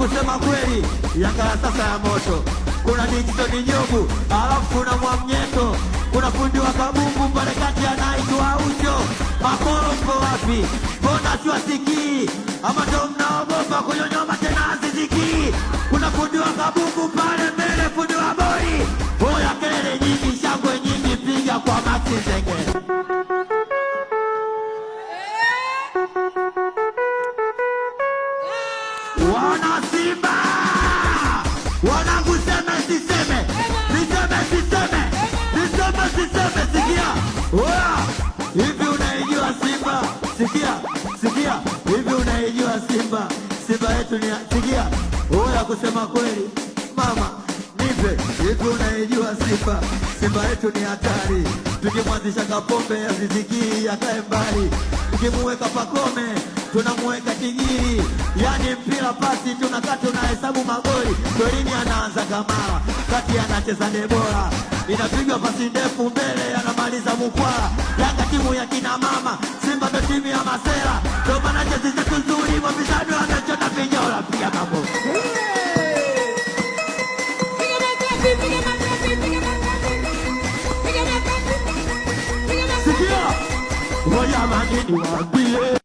kusema kweli, Yanga ya sasa ya moto. Kuna Dickson nyogu alafu kuna Mwamnyeto, kuna fundi wa kabungu pale kati anaitwa Ucho. makoro mko wapi? Mbona siwasikii? Ama ndo mnaogopa kunyonyoma tena hazisikii? Kuna fundi wa kabungu pale mbele, fundi wa boi. Oya, kelele nyingi, shangwe nyingi, piga kwa mati zengele Wana wanangu, seme siseme, niseme siseme, niseme siseme, sikia hivi, unaijua Simba? Sikia hivi unaijua Simba? Simba yetu ni kweli mama nipe, hivi unaijua Simba? Simba yetu ni hatari, tukimwanzisha Kapombe azizikii akae mbali, tukimuweka Pakome tunamweka tigiri yani mpira pasi, tunakata tunahesabu magoli. Golini anaanza Kamara, kati anacheza Debora, inapigwa pasi ndefu mbele, anamaliza Mukwala. Yanga timu ya kina mama, Simba ndo timu ya masera, ndo maana jezi zetu nzuri, wapinzani wanachota vinyola pia mambo Oya manini wambie